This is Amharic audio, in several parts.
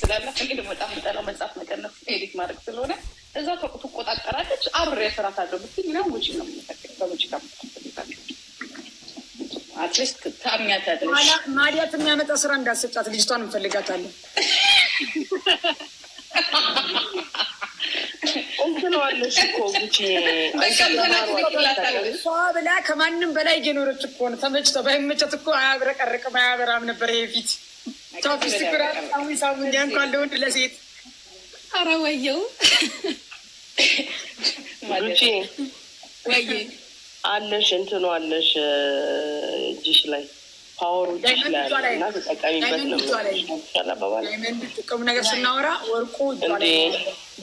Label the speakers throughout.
Speaker 1: ስላላት እንግዲህ በጣም ጠለው መጽሐፍ መቀነፍ ኤዲት ማድረግ ስለሆነ እዛ ትቆጣጠራለች። አብሬ ስራት አለው ብትል ነው ውጭ ነው በሙዚቃ አትሊስት ታሚያታለች።
Speaker 2: ማዲያት የሚያመጣ ስራ እንዳሰጫት ልጅቷን እንፈልጋታለን።
Speaker 1: እንትለዋለሽ
Speaker 2: ብላ ከማንም በላይ የኖረች እኮ ነው። ተመችቶ ባይመቸት እኮ አያብረቀርቅም አያበራም ነበር ይሄ ፊት ሶፊስት ኩራሁን እንኳን ለወንድ ለሴት ወየው
Speaker 1: ጉቺ አለሽ እንትኑ አለሽ እጅሽ ላይ ፓወሩ እጅሽ ላይ እና ተጠቀሚበት ነው። ቁም ነገር ስናወራ ወርቁ እንዴ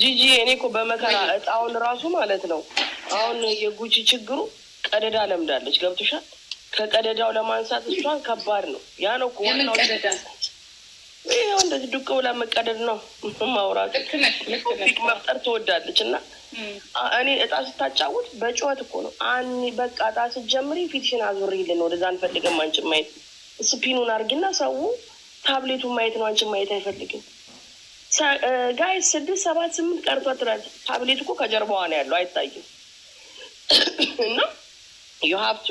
Speaker 1: ጂጂ፣ እኔ እኮ በመከራ እጣውን ራሱ ማለት ነው። አሁን የጉቺ ችግሩ ቀደዳ ለምዳለች፣ ገብቶሻል። ከቀደዳው ለማንሳት እሷን ከባድ ነው። ያ ነው እኮ ይኸው እንደዚህ ዱቅ ብላ መቀደድ ነው ማውራት። መፍጠር ትወዳለች እና እኔ እጣ ስታጫውት በጩኸት እኮ ነው። አኒ በቃ እጣ ስትጀምሪ ፊትሽን ይልን ወደዛ አንፈልግም አንቺን ማየት። ስፒኑን አርጊና ሰው ታብሌቱን ማየት ነው፣ አንቺን ማየት አይፈልግም። ጋይ ስድስት ሰባት ስምንት ቀርቷ ትላል ታብሌት እኮ ከጀርባዋ ነው ያለው አይታይም። እና ዩ ሀብቱ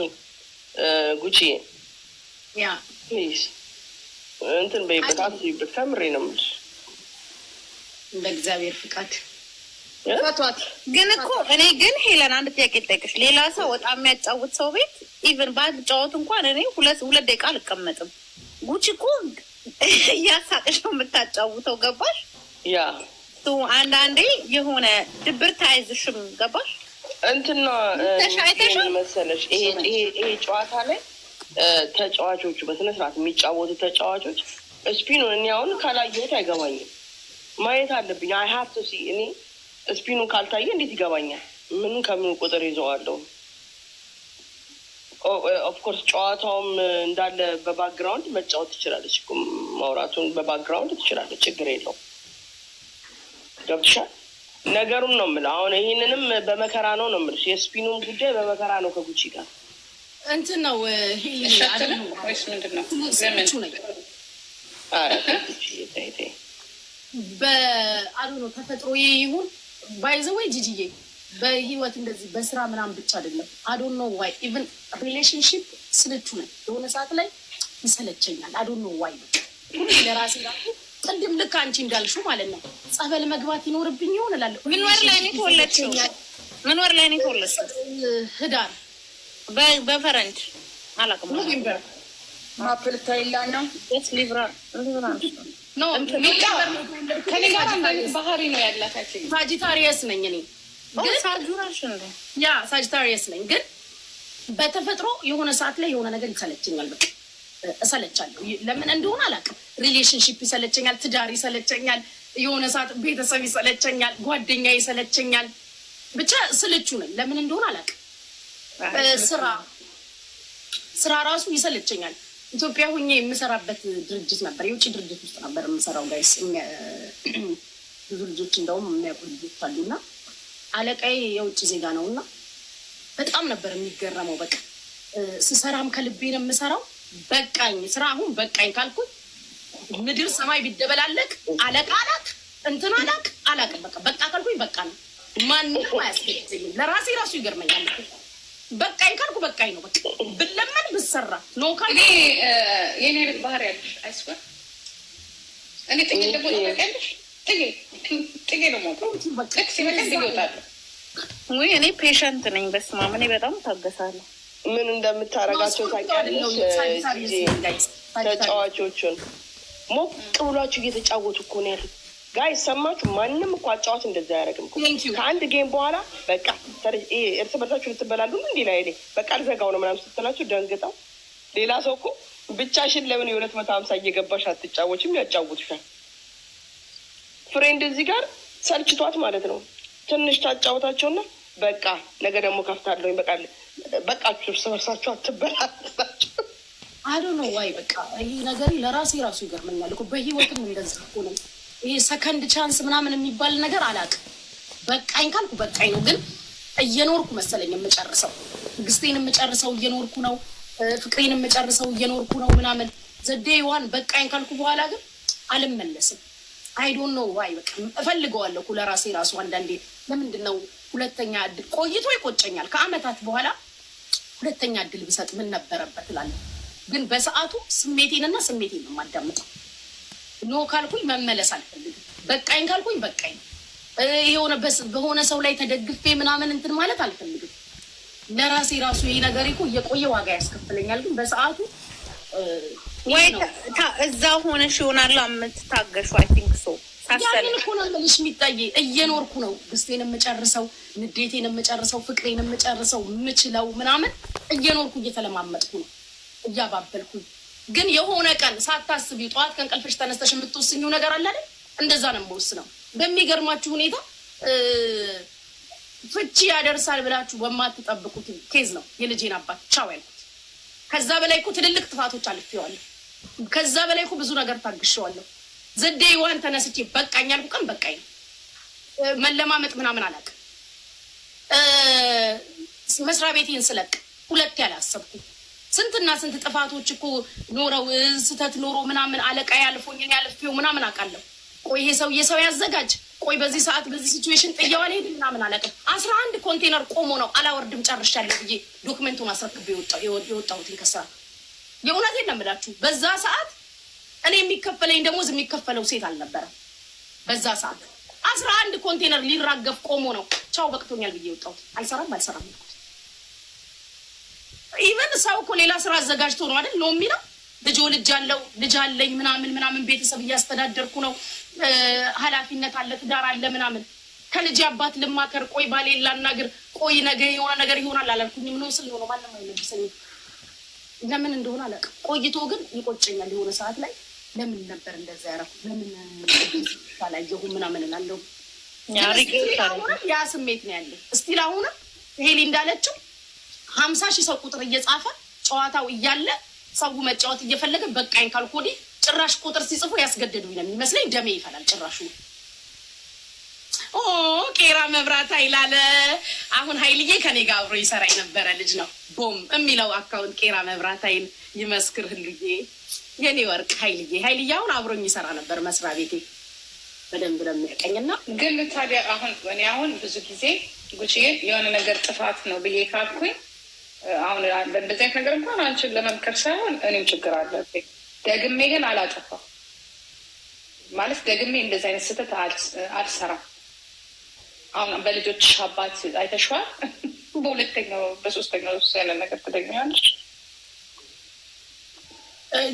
Speaker 1: ጉቺ ያ ፕሊዝ እንትን በይበት አትይበት። ከምሬ ነው የምልሽ።
Speaker 2: በእግዚአብሔር ፍቃድ ግን እኮ እኔ ግን ሄለን አንድ ጥያቄ ልጠይቅሽ። ሌላ ሰው ወጣ የሚያጫውት ሰው ቤት ኢቨን በአንድ ጫወት እንኳን እኔ ሁለት ሁለት ደቂቃ አልቀመጥም። ጉቺ እኮ እያሳቅሽ ነው የምታጫውተው። ገባሽ? ያ አንዳንዴ የሆነ ድብርት አይዝሽም። ገባሽ?
Speaker 1: እንትና መሰለሽ ይሄ ጨዋታ ላይ ተጫዋቾቹ በስነስርዓት የሚጫወቱ ተጫዋቾች ስፒኑን እኔ አሁን ካላየሁት አይገባኝም። ማየት አለብኝ። አይ ሀብ ቱ ሲ እኔ ስፒኑ ካልታየ እንዴት ይገባኛል? ምን ከምኑ ቁጥር ይዘዋለሁ? ኦፍኮርስ ጨዋታውም እንዳለ በባክግራውንድ መጫወት ትችላለች። ማውራቱን በባክግራውንድ ትችላለች። ችግር የለው። ገብትሻል? ነገሩም ነው የምልህ። አሁን ይህንንም በመከራ ነው ነው የምልሽ። የስፒኑም ጉዳይ በመከራ ነው ከጉቺ ጋር
Speaker 2: እንትን ነው ወይስ በአሉ ነው ተፈጥሮ ይሁን ባይዘወይ ጅጅዬ በህይወት እንደዚህ በስራ ምናምን ብቻ አይደለም። አዶን ነው ዋይ ኢቨን ሪሌሽንሽፕ ስልቹ ነኝ የሆነ ሰዓት ላይ ይሰለቸኛል። አዶን ነው ዋይ ለራሴ ቅድም ልክ አንቺ እንዳልሹ ማለት ነው ጸበል መግባት ይኖርብኝ ይሆን እላለሁ። ምን ወር ላይ ነው የተወለድሽው? ምን ወር ላይ ነው የተወለድሽው? ህዳር በፈረንጅ አላውቅም። ነኝ እኔ ያ ነኝ ግን በተፈጥሮ የሆነ ሰዓት ላይ የሆነ ነገር ይሰለችኛል። በቃ እሰለቻለሁ። ለምን እንደሆነ አላውቅም። ሪሌሽንሽፕ ይሰለቸኛል፣ ትዳር ይሰለቸኛል፣ የሆነ ሰዓት ቤተሰብ ይሰለቸኛል፣ ጓደኛ ይሰለቸኛል። ብቻ ስልቹ ነኝ። ለምን እንደሆነ አላውቅም። ስራ ስራ ራሱ ይሰለቸኛል። ኢትዮጵያ ሁኜ የምሰራበት ድርጅት ነበር፣ የውጭ ድርጅት ውስጥ ነበር የምሰራው። ጋይስ ብዙ ልጆች እንደውም የሚያውቁ ልጆች አሉ። እና አለቃዬ የውጭ ዜጋ ነው እና በጣም ነበር የሚገረመው። በቃ ስሰራም ከልቤ ነው የምሰራው። በቃኝ ስራ አሁን በቃኝ ካልኩኝ ምድር ሰማይ ቢደበላለቅ አለቃ አላቅ እንትን አላቅ አላቅ በቃ በቃ ካልኩኝ በቃ ነው። ማንም አያስገድልኝ። ለራሴ ራሱ ይገርመኛል። በቃኝ ካልኩ በቃኝ ነው። በቃ ብለመን ብሰራ ነው ካልኩ የኔ ቤት ባህር ያለሽ አይስበር እኔ ጥጌ ደግሞ ያለሽ ጥጌ ጥጌ ነው ሞ ልክ ሲመጣ ጥጌ እወጣለሁ። ውይ እኔ ፔሸንት ነኝ። በስመ አብ እኔ በጣም ታገሳለሁ። ምን እንደምታረጋቸው ታውቂያለሽ። ተጫዋቾቹን ሞቅ ብሏቸው እየተጫወቱ እኮ ነው ያሉት ጋይ ይሰማችሁ። ማንም እኮ አጫዋች እንደዛ አያደርግም። ከአንድ ጌም በኋላ በቃ እርስ በርሳችሁ ልትበላሉ ምን እንዲ ላይ በቃ ልዘጋው ነው ምናምን ስትላችሁ ደንግጠው ሌላ ሰው እኮ ብቻሽን ለምን የሁለት መቶ ሀምሳ እየገባሽ አትጫወችም? ያጫውቱሻል። ፍሬንድ እዚህ ጋር ሰልችቷት ማለት ነው። ትንሽ ታጫወታቸውና በቃ ነገ ደግሞ ከፍታለሁ በቃ በቃችሁ እርስ በርሳችሁ አትበላላችሁ። አይ ነው ዋይ በቃ ይህ ነገር ለራሴ ራሱ ይገርመኛል እኮ በህይወትም እንደዛ ነው ይሄ ሰከንድ ቻንስ ምናምን የሚባል ነገር አላውቅም። በቃኝ ካልኩ በቃኝ ነው። ግን እየኖርኩ መሰለኝ የምጨርሰው፣ ግስቴን የምጨርሰው እየኖርኩ ነው፣ ፍቅሬን የምጨርሰው እየኖርኩ ነው ምናምን ዘዴዋን በቃኝ ካልኩ በኋላ ግን አልመለስም። አይዶን ነው ዋይ በቃ እፈልገዋለሁ ለራሴ ራሱ አንዳንዴ ለምንድን ነው ሁለተኛ እድል ቆይቶ ይቆጨኛል። ከአመታት በኋላ ሁለተኛ እድል ብሰጥ ምን ነበረበት እላለሁ። ግን በሰዓቱ ስሜቴንና ስሜቴን ነው የማዳምጠው። ኖ ካልኩኝ መመለስ አልፈልግም። በቃኝ ካልኩኝ በቃኝ። የሆነ በሆነ ሰው ላይ ተደግፌ ምናምን እንትን ማለት አልፈልግም። ለራሴ ራሱ ይህ ነገር እኮ እየቆየ ዋጋ ያስከፍለኛል። ግን በሰዓቱ ወይ እዛ ሆነሽ ይሆናል የምትታገሹ አይ ቲንክ ሶ ያንን እኮ ነው የምልሽ። የሚታየ እየኖርኩ ነው ግስቴን የምጨርሰው፣ ንዴቴን የምጨርሰው፣ ፍቅሬን የምጨርሰው፣ የምችለው ምናምን እየኖርኩ እየተለማመጥኩ ነው እያባበልኩኝ ግን የሆነ ቀን ሳታስቢ ጠዋት ከእንቅልፍሽ ተነስተሽ የምትወስኙ ነገር አለ አይደል? እንደዛ ነው የምወስነው። በሚገርማችሁ ሁኔታ ፍቺ ያደርሳል ብላችሁ በማትጠብቁት ኬዝ ነው የልጄን አባት ቻው ያልኩት። ከዛ በላይ እኮ ትልልቅ ጥፋቶች አልፌዋለሁ። ከዛ በላይ እኮ ብዙ ነገር ታግሸዋለሁ። ዘዴ ዋን ተነስቼ በቃኝ ያልኩ ቀን በቃኝ ነው። መለማመጥ ምናምን አላውቅም። መስሪያ ቤቴን ስለቅ ሁለት ያላሰብኩት ስንትና ስንት ጥፋቶች እኮ ኖረው ስተት ኖሮ ምናምን አለቃ ያልፎኝን ያልፌው ምናምን አውቃለሁ። ቆይ ይሄ ሰው የሰው ያዘጋጅ፣ ቆይ በዚህ ሰዓት በዚህ ሲትዌሽን ጥየዋ ሄድ ምናምን አለቅም። አስራ አንድ ኮንቴነር ቆሞ ነው አላወርድም ጨርሻለሁ ብዬ ዶክመንቱን አስረክብ የወጣሁት ከስራ። የእውነት ነው በዛ ሰዓት እኔ የሚከፈለኝ ደሞዝ የሚከፈለው ሴት አልነበረም። በዛ ሰዓት አስራ አንድ ኮንቴነር ሊራገፍ ቆሞ ነው ቻው በቅቶኛል ብዬ የወጣሁት። አልሰራም አልሰራም ኢቨን ሰው እኮ ሌላ ስራ አዘጋጅቶ ነው አይደል ነው የሚለው ልጅ ወልጃለሁ፣ ልጅ አለኝ ምናምን ምናምን ቤተሰብ እያስተዳደርኩ ነው፣ ሀላፊነት አለ፣ ትዳር አለ ምናምን። ከልጅ አባት ልማከር፣ ቆይ ባሌ ላናግር፣ ቆይ ነገ የሆነ ነገር ይሆናል አላልኩኝ ምን ስል ሆነ ማንም አይለብሰኝ ለምን እንደሆነ አላውቅም። ቆይቶ ግን ይቆጨኛል የሆነ ሰዓት ላይ ለምን ነበር እንደዛ ያረኩ ለምን ባላየሁ ምናምን እላለሁ። ያ ስሜት ነው ያለኝ እስቲል አሁንም ሄሊ እንዳለችው ሀምሳ ሺህ ሰው ቁጥር እየጻፈ ጨዋታው እያለ ሰው መጫወት እየፈለገ በቃኝ ካልኩ ወዲህ ጭራሽ ቁጥር ሲጽፉ ያስገደዱኝ ነው የሚመስለኝ። ደሜ ይፈላል ጭራሹ። ኦ ቄራ መብራት ኃይላለ አሁን ኃይልዬ ከኔ ጋር አብሮ ይሰራ የነበረ ልጅ ነው። ቦም የሚለው አካውንት ቄራ መብራት ኃይል ይመስክር ህልዬ፣ የኔ ወርቅ ኃይልዬ። ኃይልዬ አሁን አብሮኝ ይሰራ ነበር መስሪያ ቤቴ በደንብ ለሚያቀኝና ግን ታዲያ አሁን እኔ አሁን ብዙ ጊዜ ጉቺዬ የሆነ ነገር ጥፋት ነው ብዬ ካልኩኝ አሁን በእንደዚህ አይነት ነገር እንኳን አንችን ለመምከር ሳይሆን እኔም ችግር አለ። ደግሜ ግን አላጠፋ ማለት ደግሜ እንደዚህ አይነት ስህተት አልሰራም። አሁን በልጆች አባት አይተሸዋል። በሁለተኛው በሶስተኛው ስ ያለ ነገር ትደግሚያለሽ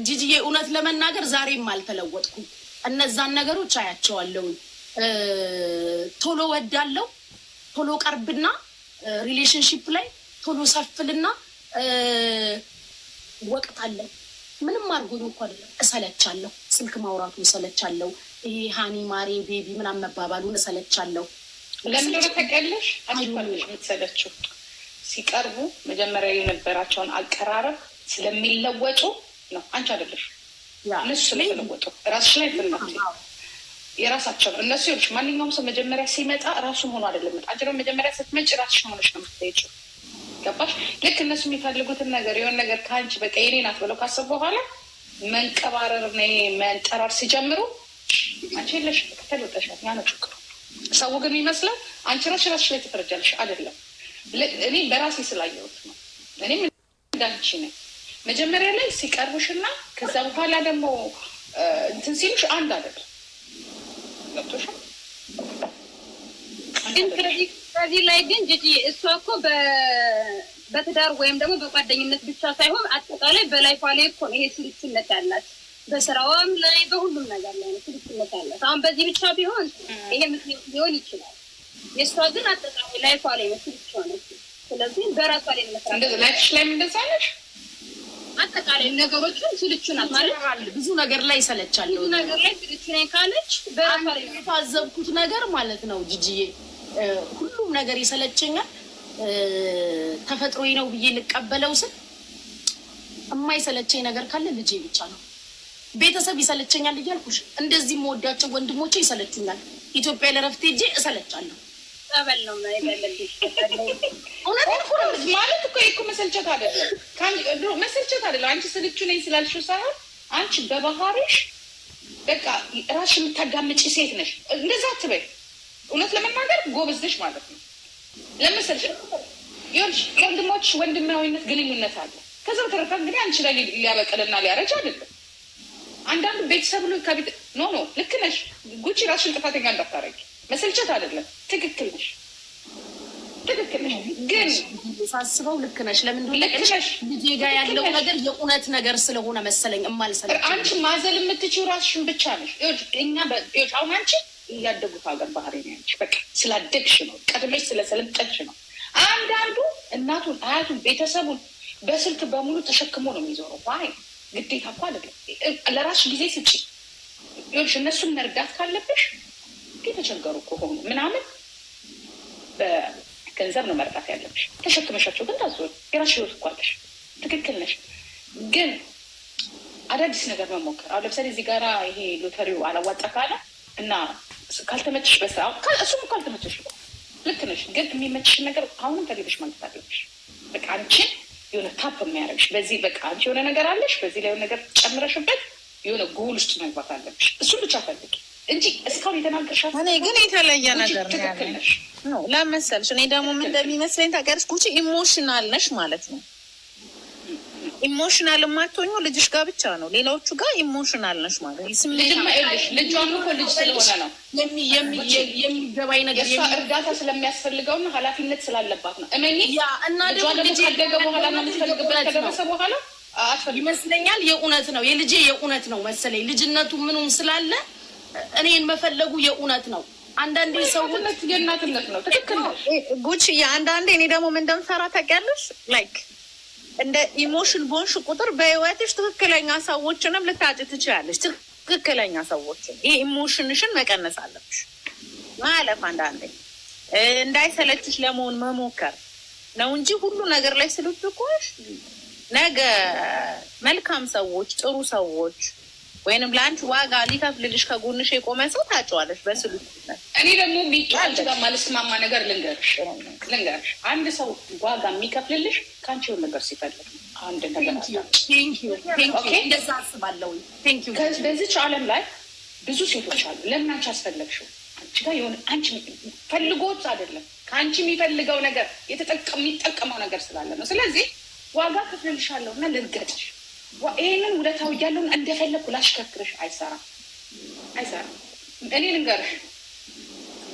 Speaker 2: ጂጂዬ። እውነት ለመናገር ዛሬም አልተለወጥኩም። እነዛን ነገሮች አያቸዋለሁኝ። ቶሎ ወዳለው ቶሎ ቀርብና ሪሌሽንሽፕ ላይ ቶሎ ሰፍልና ወቅት አለን። ምንም አድርጎኝ እኮ አይደለም። እሰለቻለሁ፣ ስልክ ማውራቱን እሰለቻለሁ። ይሄ ሀኒ ማሬ ቤቢ ምናምን መባባሉን እሰለቻለሁ። ለምን ተቀለሽ አትፈልሽ የምትሰለችው? ሲቀርቡ መጀመሪያ የነበራቸውን አቀራረብ ስለሚለወጡ ነው። አንቺ አይደለሽ እነሱ ስለተለወጡ ራስሽ ላይ ፍልመት የራሳቸው ነው። እነሱ ይኸውልሽ፣ ማንኛውም ሰው መጀመሪያ ሲመጣ ራሱ መሆኑ አይደለም። አንቺ ደግሞ መጀመሪያ ስትመጭ ራስሽ ሆነሽ ነው የምትጠይቂው ገባሽ? ልክ እነሱ የሚፈልጉትን ነገር የሆን ነገር ከአንቺ በቃ የኔ ናት ብለው ካሰቡ በኋላ መንቀባረር መንጠራር ሲጀምሩ አንቺ የለሽ ተለጠሻል። ያነ ነው ችግሩ። ሰው ግን የሚመስለው አንቺ ራስሽ ራስሽ ላይ ትፈርጃለሽ። አይደለም እኔ በራሴ ስላየሁት ነው። እኔም እንዳንቺ ነኝ። መጀመሪያ ላይ ሲቀርቡሽ እና ከዛ በኋላ ደግሞ እንትን ሲሉሽ አንድ አይደለም ገብቶሻል ግን ከዚህ ላይ ግን ጂጂ እሷ እኮ በትዳር ወይም ደግሞ በጓደኝነት ብቻ ሳይሆን አጠቃላይ በላይፏ ላይ እኮ ነው ይሄ ስልችነት ያላት በስራዋም ላይ በሁሉም ነገር ላይ ነው ስልችነት ያላት። አሁን በዚህ ብቻ ቢሆን ይሄ ምክንያት ሊሆን ይችላል። የእሷ ግን አጠቃላይ ላይፏ ላይ ነው ስልች ሆነች። ስለዚህ በራሷ ላይ መስራት ላይ እንደዛ አጠቃላይ ነገሮችን ስልቹ ናት ማለት ብዙ ነገር ላይ ሰለቻለሁ፣ ብዙ ነገር ላይ ስልቹ ነኝ ካለች በራሷ ላይ የታዘብኩት ነገር ማለት ነው ጅጅዬ ሁሉም ነገር ይሰለቸኛል፣ ተፈጥሮዊ ነው ብዬ ልቀበለው ስል የማይሰለቸኝ ነገር ካለ ልጄ ብቻ ነው። ቤተሰብ ይሰለቸኛል እያልኩሽ፣ እንደዚህ የምወዳቸው ወንድሞች ይሰለችኛል። ኢትዮጵያ ለረፍት ሄጄ እሰለቻለሁ። ጸበል ማለት እኮ መሰልቸት መሰልቸት አንቺ ስልቹ ነኝ ስላልሽው ሳይሆን አንቺ በባህሪሽ በቃ ራስሽ ሴት ነሽ። እንደዛ እውነት ለመናገር ጎበዝሽ ማለት ነው። ለምስል ሆች ወንድሞች ወንድማዊነት ግንኙነት አለ። ከዛ በተረፈ እንግዲህ አንቺ ላይ ሊያበቅልና ሊያረጅ አይደለም። አንዳንድ ቤተሰብ ከቤት ኖ ኖ፣ ልክ ነሽ ጉቺ፣ ራስሽን ጥፋተኛ እንዳታረጊ። መሰልቸት አይደለም፣ ትክክል ነሽ፣ ትክክል ነሽ። ግን ሳስበው ልክ ነሽ። ለምንድን ልጄ ጋር ያለው ነገር የእውነት ነገር ስለሆነ መሰለኝ እማልሰለች። አንቺ ማዘል የምትችው ራስሽን ብቻ ነሽ። እኛ አሁን አንቺ እያደጉት ሀገር ባህሪ ነው ያለች። በቃ ስላደግሽ ነው፣ ቀድመሽ ስለሰለጠንሽ ነው። አንዳንዱ እናቱን፣ አያቱን፣ ቤተሰቡን በስልክ በሙሉ ተሸክሞ ነው የሚዞረው። ዋይ ግዴታ እኮ አይደለም። ለራስሽ ጊዜ ስጪ። ይኸውልሽ እነሱን መርዳት ካለብሽ የተቸገሩ ከሆኑ ምናምን በገንዘብ ነው መርዳት ያለብሽ። ተሸክመሻቸው ግን ታዞር የራስሽ ህይወት እኮ አለሽ። ትክክል ነሽ ግን አዳዲስ ነገር መሞከር አሁን ለምሳሌ እዚህ ጋራ ይሄ ሎተሪው አላዋጣ ካለ እና ካልተመቸሽ በስራ እሱም ካልተመቸሽ እኮ ልክ ነሽ፣ ግን የሚመችሽን ነገር አሁንም ከሌሎች ማለት አለብሽ። በቃ አንቺን የሆነ ታፕ የሚያደርግሽ በዚህ በቃ አንቺ የሆነ ነገር አለሽ፣ በዚህ ላይ የሆነ ነገር ጨምረሽበት የሆነ ጎል ውስጥ መግባት አለብሽ። እሱን ብቻ ፈልጊ እንጂ እስካሁን የተናገርሻት እኔ ግን የተለየ ነገር ትክክል ነሽ ለመሰልሽ። እኔ ደግሞ ምን እንደሚመስለኝ ታውቂያለሽ፣ ጉቺ ኢሞሽናል ነሽ ማለት ነው ኢሞሽናል የማትሆኙ ልጅሽ ጋር ብቻ ነው። ሌላዎቹ ጋር ኢሞሽናል ነሽ ማለት ልጇም እኮ ልጅ ስለሆነ ነው የሚገባኝ ነገር እርዳታ ስለሚያስፈልገውና ኃላፊነት ስላለባት ነው። እመኒ እና ደግሞ ካደገ በኋላ እና የምትፈልግበት ከደረሰ በኋላ ይመስለኛል የእውነት ነው የልጄ የእውነት ነው መሰለኝ ልጅነቱ ምኑም ስላለ እኔን መፈለጉ የእውነት ነው። አንዳንዴ ሰውነት የእናትነት ነው። ትክክል ነው ጉቺ። አንዳንዴ እኔ ደግሞ ምን እንደምሰራ ታውቂያለሽ ላይክ እንደ ኢሞሽን ቦንሽ ቁጥር በህይወትሽ ትክክለኛ ሰዎችንም ልታጭ ትችላለች። ትክክለኛ ሰዎችን ይህ ኢሞሽንሽን መቀነስ አለብሽ። ማለፍ አንዳንዴ እንዳይሰለችሽ ለመሆን መሞከር ነው እንጂ ሁሉ ነገር ላይ ስልብኮሽ ነገ መልካም ሰዎች ጥሩ ሰዎች ወይንም ለአንቺ ዋጋ ሊከፍልልሽ ከጎንሽ የቆመ ሰው ታጭዋለሽ በስሉ። እኔ ደግሞ ቢጫል ጋር ማልስማማ ነገር ልንገርሽ ልንገርሽ፣ አንድ ሰው ዋጋ የሚከፍልልሽ ከአንቺ የሆነ ነገር ሲፈልግ አንድ ነገር እንደዛ አስባለሁ። በዚች ዓለም ላይ ብዙ ሴቶች አሉ። ለምን አንቺ አስፈለግሽው? አንቺ ጋር የሆነ አንቺ ፈልጎት አይደለም ከአንቺ የሚፈልገው ነገር የተጠቀ የሚጠቀመው ነገር ስላለ ነው። ስለዚህ ዋጋ ከፍልልሻለሁ እና ልንገርሽ ይህንን ውለታው እያለውን እንደፈለግኩ ላሽከክርሽ አይሰራም፣ አይሰራም። እኔ ልንገርሽ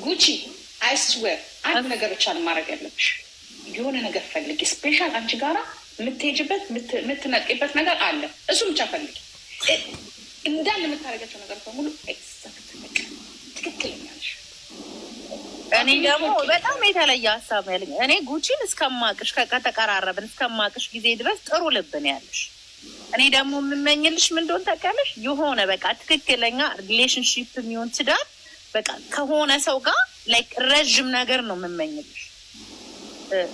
Speaker 2: ጉቺ አይስዌር አንድ ነገር ብቻ ማድረግ ያለብሽ የሆነ ነገር ፈልጊ። ስፔሻል አንቺ ጋራ የምትሄጅበት የምትነጥቂበት ነገር አለ። እሱ ብቻ ፈልጊ። እንዳለ የምታደርጋቸው ነገር በሙሉ ኤግዛክት ትክክለኛ እኔ ደግሞ በጣም የተለየ ሀሳብ ያለኝ እኔ ጉቺን እስከማቅሽ ከተቀራረብን እስከማቅሽ ጊዜ ድረስ ጥሩ ልብን ያለሽ እኔ ደግሞ የምመኝልሽ ምን እንደሆነ ታውቂያለሽ? የሆነ በቃ ትክክለኛ ሪሌሽንሽፕ የሚሆን ትዳር በቃ ከሆነ ሰው ጋር ላይክ ረዥም ነገር ነው የምመኝልሽ።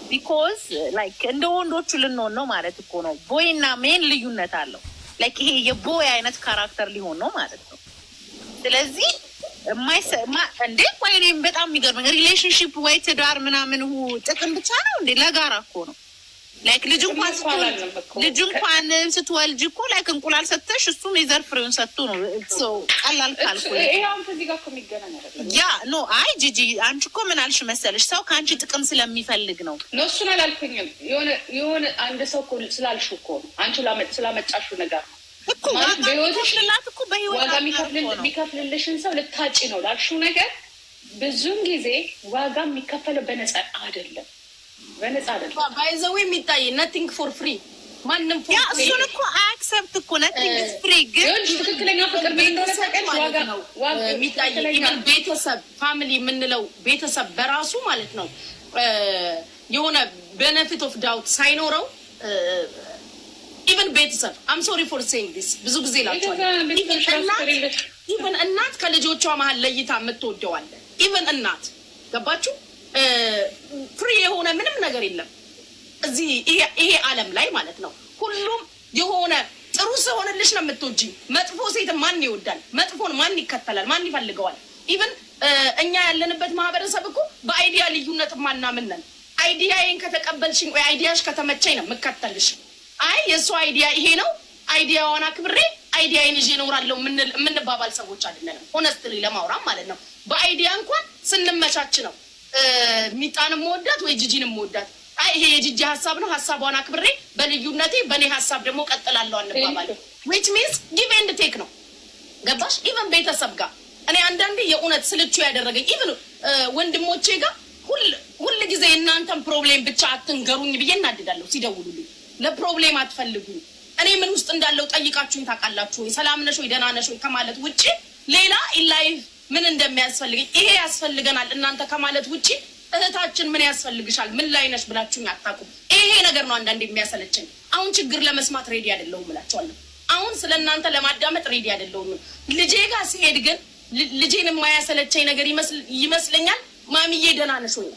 Speaker 2: ቢኮዝ ላይክ እንደ ወንዶቹ ልንሆን ነው ማለት እኮ ነው። ቦይ እና ሜን ልዩነት አለው። ላይክ ይሄ የቦይ አይነት ካራክተር ሊሆን ነው ማለት ነው። ስለዚህ እንዴ ወይኔም በጣም የሚገርመኝ ሪሌሽንሽፕ ወይ ትዳር ምናምን ጥቅም ብቻ ነው እንዴ? ለጋራ እኮ ነው ላይክ ልጅ እንኳን ልጅ እንኳን ስትወልጅ እኮ ላይክ እንቁላል ሰተሽ እሱም የዘር ፍሬውን ሰጥቶ ነው ቀላል ካልኩ ያ ኖ አይ ጂጂ አንቺ እኮ ምን አልሽ መሰለሽ ሰው ከአንቺ ጥቅም ስለሚፈልግ ነው። እሱን አላልኩኝም። የሆነ የሆነ አንድ ሰው ስላልሽ እኮ ነው አንቺ ስላመጫሹ ነገር ነው እኮ በህይወትሽላት እኮ በህይወት የሚከፍልልሽን ሰው ልታጭ ነው ላልሽው ነገር ብዙን ጊዜ ዋጋ የሚከፈለው በነፃ አይደለም። በነፃ አይደለም። ባይ ዘ ዌይ የሚታይ ነቲንግ ፎር ፍሪ ማንም ፎር ፍሪ እሱን እኮ እኮ ነቲንግ ፍሪ ግን ትክክለኛ ፍቅር ምን እንደሆነ ዋጋ የሚታይ ኢቨን ቤተሰብ ፋሚሊ የምንለው ቤተሰብ በራሱ ማለት ነው የሆነ ቤነፊት ኦፍ ዳውት ሳይኖረው ኢቨን ቤተሰብ አም ሶሪ ፎር ሴይንግ ዲስ ብዙ ጊዜ ላቸዋል። ኢቨን እናት ከልጆቿ መሀል ለይታ የምትወደዋለ። ኢቨን እናት ገባችሁ ፍሪ የሆነ ምንም ነገር የለም እዚህ ይሄ ዓለም ላይ ማለት ነው። ሁሉም የሆነ ጥሩ ስሆንልሽ ነው የምትወጂ። መጥፎ ሴትን ማን ይወዳል? መጥፎን ማን ይከተላል? ማን ይፈልገዋል? ኢቨን እኛ ያለንበት ማህበረሰብ እኮ በአይዲያ ልዩነት ማናምን ነን። አይዲያዬን ከተቀበልሽኝ ወይ አይዲያሽ ከተመቸኝ ነው የምከተልሽ። አይ የእሱ አይዲያ ይሄ ነው፣ አይዲያዋን አክብሬ አይዲያዬን ይዤ እኖራለሁ የምንባባል ሰዎች አይደለንም። ሆነስትሊ ለማውራም ማለት ነው። በአይዲያ እንኳን ስንመቻች ነው ሚጣንም መወዳት ወይ ጂጂንም መወዳት አይ ይሄ የጂጂ ሀሳብ ነው፣ ሀሳቧን አክብሬ በልዩነቴ በእኔ ሀሳብ ደግሞ ቀጥላለሁ አንባባል። ዊች ሚንስ ጊቭ ኤንድ ቴክ ነው። ገባሽ? ኢቨን ቤተሰብ ጋር እኔ አንዳንዴ የእውነት ስልቹ ያደረገኝ ኢቨን ወንድሞቼ ጋር ሁል ጊዜ እናንተን ፕሮብሌም ብቻ አትንገሩኝ ብዬ እናድዳለሁ። ሲደውሉልኝ ለፕሮብሌም አትፈልጉ እኔ ምን ውስጥ እንዳለው ጠይቃችሁኝ ታውቃላችሁ ወይ? ሰላም ነሽ ወይ? ደህና ነሽ ወይ? ከማለት ውጭ ሌላ ኢላይፍ ምን እንደሚያስፈልገኝ ይሄ ያስፈልገናል እናንተ ከማለት ውጪ እህታችን ምን ያስፈልግሻል፣ ምን ላይ ነሽ ብላችሁኝ አታውቁም። ይሄ ነገር ነው አንዳንድ የሚያሰለችኝ። አሁን ችግር ለመስማት ሬዲ አይደለሁም እላቸዋለሁ። አሁን ስለ እናንተ ለማዳመጥ ሬዲ አይደለሁም። ልጄ ጋር ሲሄድ ግን ልጄን የማያሰለቸኝ ነገር ይመስለኛል። ማሚዬ ደህና ነሽ ወይ?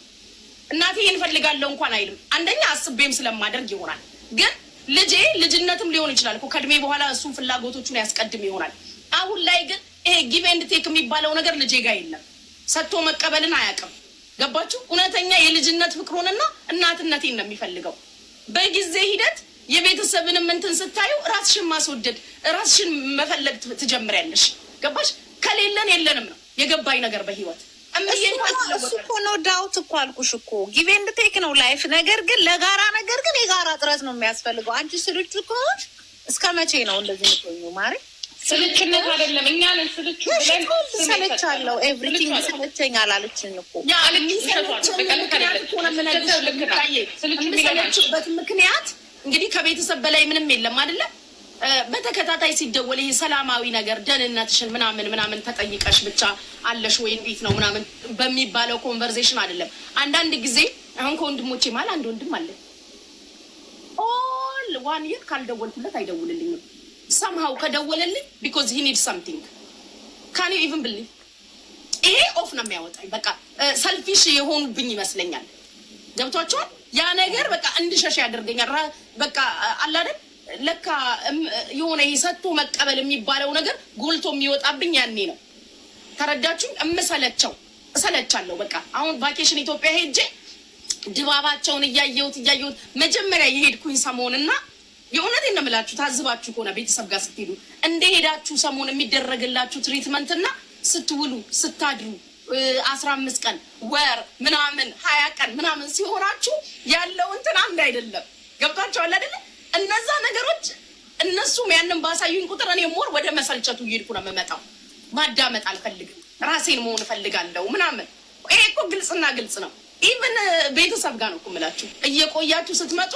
Speaker 2: እናቴ እንፈልጋለው እንኳን አይልም። አንደኛ አስቤም ስለማደርግ ይሆናል። ግን ልጄ ልጅነትም ሊሆን ይችላል ከእድሜ በኋላ እሱን ፍላጎቶቹን ያስቀድም ይሆናል። አሁን ላይ ግን ይሄ ጊቭ ኤንድ ቴክ የሚባለው ነገር ልጄ ጋር የለም። ሰጥቶ መቀበልን አያውቅም። ገባችሁ? እውነተኛ የልጅነት ፍቅሩንና እናትነቴን ነው የሚፈልገው። በጊዜ ሂደት የቤተሰብንም እንትን ስታዩ ራስሽን ማስወደድ ራስሽን መፈለግ ትጀምሪያለሽ። ገባሽ? ከሌለን የለንም ነው የገባኝ ነገር በህይወት እሱ እኮ ነው ዳውት እኮ አልኩሽ እኮ ጊቭ ኤንድ ቴክ ነው ላይፍ። ነገር ግን ለጋራ ነገር ግን የጋራ ጥረት ነው የሚያስፈልገው። አንቺ ስልቹ ከሆን እስከ መቼ ነው እንደዚህ የምትሆኚው ማሬ? ስልችነት አይደለም። እኛ ነን ስልቹ ብለን ሰለቻለሁ። ኤቭሪቲንግ ሰለቸኝ አላለችን እኮ ሰለችበት ምክንያት እንግዲህ ከቤተሰብ በላይ ምንም የለም አይደለም። በተከታታይ ሲደወል ይሄ ሰላማዊ ነገር ደህንነትሽን ምናምን ምናምን ተጠይቀሽ ብቻ አለሽ ወይ እንዴት ነው ምናምን በሚባለው ኮንቨርሴሽን አይደለም። አንዳንድ ጊዜ አሁን ከወንድሞቼ መሀል አንድ ወንድም አለ ኦል ዋን ይር ካልደወልኩለት አይደውልልኝም ሰምሃው ከደወለልኝ ቢኮዝ ሂ ኒድ ሰምቲንግ ካን ዩ ኢቭን ብሊቭ ይሄ ኦፍ ነው የሚያወጣኝ። በቃ ሰልፊሽ የሆኑብኝ ይመስለኛል። ገብቷቸዋል። ያ ነገር በቃ እንድሸሽ ያደርገኛል። በቃ አለ ለካ የሆነ የሰጥቶ መቀበል የሚባለው ነገር ጎልቶ የሚወጣብኝ ያኔ ነው። ተረዳችሁ? እምሰለቸው እሰለቻለሁ። በቃ አሁን ቫኬሽን ኢትዮጵያ ሄጄ ድባባቸውን እያየሁት እያየሁት መጀመሪያ የሄድኩኝ ሰሞንና የእውነት ነው የምላችሁ። ታዝባችሁ ከሆነ ቤተሰብ ጋር ስትሄዱ እንደ ሄዳችሁ ሰሞን የሚደረግላችሁ ትሪትመንትና ስትውሉ ስታድሩ አስራ አምስት ቀን ወር ምናምን ሀያ ቀን ምናምን ሲሆናችሁ ያለው እንትን አንድ አይደለም። ገብቷቸዋል አይደለ? እነዛ ነገሮች እነሱም ያንን ባሳዩኝ ቁጥር እኔ ሞር ወደ መሰልቸቱ እየሄድኩ ነው የምመጣው። ማዳመጥ አልፈልግም፣ ራሴን መሆን እፈልጋለሁ ምናምን። ይሄ እኮ ግልጽና ግልጽ ነው። ኢቨን ቤተሰብ ጋር ነው እኮ የምላችሁ እየቆያችሁ ስትመጡ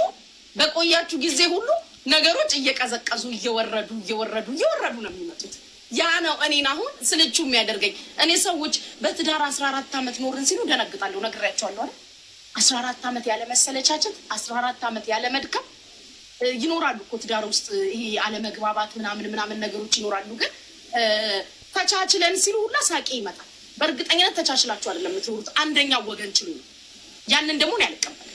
Speaker 2: በቆያችሁ ጊዜ ሁሉ ነገሮች እየቀዘቀዙ እየወረዱ እየወረዱ እየወረዱ ነው የሚመጡት። ያ ነው እኔን አሁን ስልቹ የሚያደርገኝ። እኔ ሰዎች በትዳር አስራ አራት ዓመት ኖርን ሲሉ ደነግጣለሁ። ነግሬያቸዋለሁ አይደል? አስራ አራት ዓመት ያለ መሰለቻቸት፣ አስራ አራት ዓመት ያለ መድከም ይኖራሉ እኮ ትዳር ውስጥ ይሄ አለመግባባት ምናምን ምናምን ነገሮች ይኖራሉ። ግን ተቻችለን ሲሉ ሁላ ሳቄ ይመጣል። በእርግጠኝነት ተቻችላችሁ አይደለም የምትኖሩት፣ አንደኛው ወገን ችሉ ነው። ያንን ደግሞ ነው ያልቀበል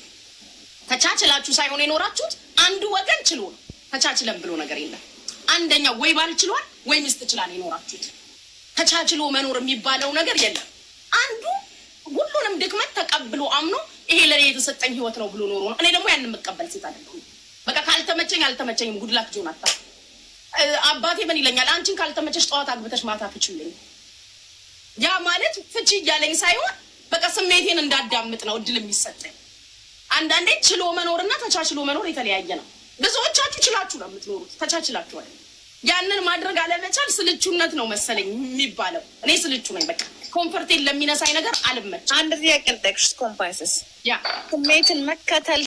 Speaker 2: ተቻችላችሁ ሳይሆን የኖራችሁት አንዱ ወገን ችሎ ነው። ተቻችለን ብሎ ነገር የለም። አንደኛው ወይ ባል ችሏል ወይ ሚስት ችላል የኖራችሁት። ተቻችሎ መኖር የሚባለው ነገር የለም። አንዱ ሁሉንም ድክመት ተቀብሎ አምኖ ይሄ ለኔ የተሰጠኝ ህይወት ነው ብሎ ኖሮ ነው። እኔ ደግሞ ያን የምቀበል ሴት አይደለሁም። በቃ ካልተመቸኝ አልተመቸኝም። ጉድላክ ጆናታ አባቴ ምን ይለኛል? አንቺን ካልተመቸሽ ጠዋት አግብተሽ ማታ ፍችልኝ። ያ ማለት ፍቺ እያለኝ ሳይሆን በቃ ስሜቴን እንዳዳምጥ ነው እድል የሚሰጠኝ። አንዳንዴ ችሎ መኖርና ተቻችሎ መኖር የተለያየ ነው። ብዙዎቻችሁ ችላችሁ ነው የምትኖሩት፣ ተቻችላችሁ አይደል? ያንን ማድረግ አለመቻል ስልቹነት ነው መሰለኝ የሚባለው። እኔ ስልቹ ነኝ። በቃ ኮንፈርቴን ለሚነሳኝ ነገር አልመች። አንድ ጥያቄ ልጠቅሽ፣ ኮምፓይስስ ያ ስሜትን መከተል